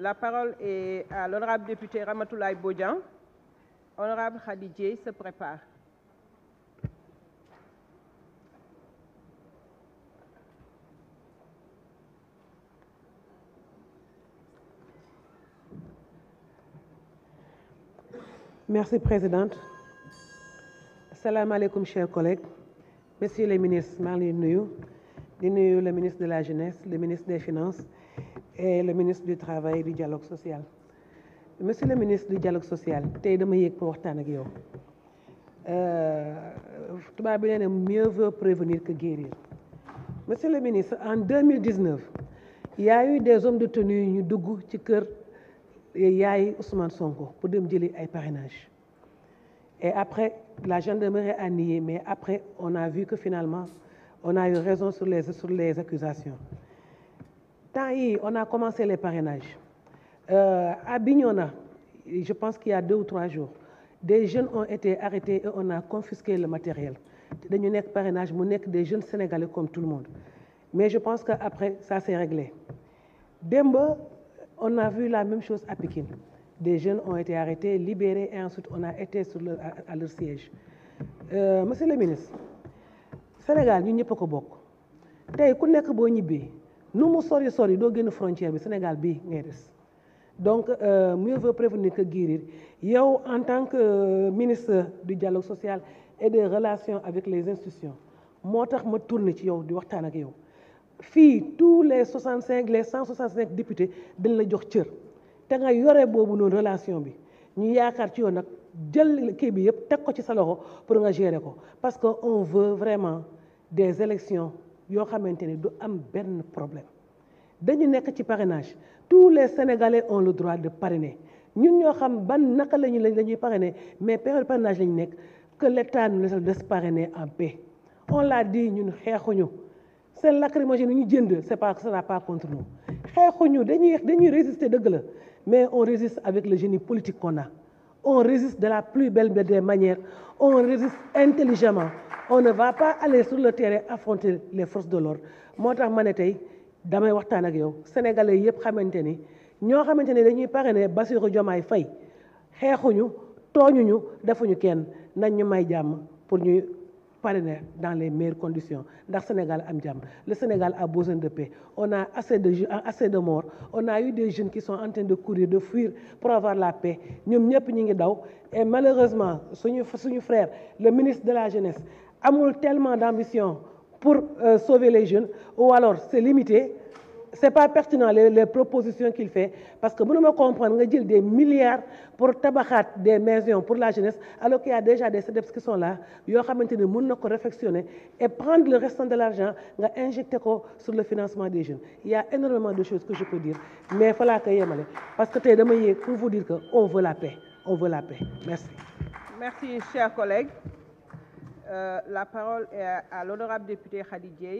La parole est à l'honorable député Ramatoulaye Bodjan. Honorable Khadidje se prépare. Merci, Présidente. Salam alaikum, chers collègues. Messieurs les ministres, Marlene avons eu le ministre de la jeunesse le ministre des finances et le ministre du travail et du dialogue social monsieur le ministre du dialogue social tey dama yéeg pour vous ak yow euh, tubaab bi mieux veut prévenir que guérir monsieur le ministre en 2019 il y a eu des hommes de tenue ñu dugg ci kër yaay Ousmane Sonko pour dem jëli ay parrainage et après la gendarmerie a nié mais après on a vu que finalement on a eu raison sur les, sur les accusations. Tant on a commencé les parrainages. Euh, à Bignona, je pense qu'il y a deux ou trois jours, des jeunes ont été arrêtés et on a confisqué le matériel. Nous avons parrainage, nous des jeunes Sénégalais comme tout le monde. Mais je pense qu'après, ça s'est réglé. Demba, on a vu la même chose à Pékin. Des jeunes ont été arrêtés, libérés et ensuite on a été sur à, leur siège. Euh, monsieur le ministre, Sénégal ñu ñëpp a ko bokk tey ku nekk boo ñibbee nu mu sori sori doo génn frontière bi Sénégal bii ngay des donc euh, mieux vaut prévenir que guérir yow en tant que euh, ministre du dialogue social et des relations avec les institutions moo tax ma tourné ci yow di waxtaan ak yow fii tous les 65 les 165 députés dañ la jox cër te nga yore boobu relation bi ñu yaakaar ci yow nag jël kii bi yëpp ko ci sa loxo pour nga gérer ko parce que on veut vraiment des élections il y a du am ben problème dañu nek ci parrainage tous les sénégalais ont le droit de parrainer Nous ñoo xam ban naka lañu lañuy parrainer mais période parrainage lañu nek que l'État nous laisse de parrainer en paix on l'a dit nous ñun C'est c'est lacrymogène ñu jënd c'est pas ce n'est pas contre nous Nous dañuy dañuy résister deug la mais on résiste avec le génie politique qu'on a on résiste de la plus belle des manières on résiste intelligemment on ne va pas aller sur le terrain affronter les forces de l'ordre Moi, tax ma ne tey damay waxtaan ak yow sénégalais avons xamante des ñoo xamante ni dañuy parrainer Bassirou nous Faye xeexuñu tooñuñu defuñu kenn nañ ñu may jàmm pour ñuy parrainer dans les meilleures conditions ndax Sénégal le Sénégal a besoin de paix on a assez de assez de morts on a eu des jeunes qui sont en train de courir de fuir pour avoir la paix Nous ñëpp ñi ngi daw et malheureusement suñu suñu frère le ministre de la jeunesse Amour tellement d'ambition pour euh, sauver les jeunes ou alors c'est limité c'est pas pertinent les, propositions qu'il fait parce que ne pas, nga jël des milliards pour tabacat des maisons pour la jeunesse alors qu'il y a déjà des CEDEPS qui sont là Vous ne mën na qui et prendre le restant de l'argent nga injecter sur le financement des jeunes il y a énormément de choses que je peux dire mais il faut l'accueillir, parce que c'est dama pour vous dire qu'on veut la paix on veut la paix merci merci chers collègues euh, la parole est à, l'honorable député Khadidjé.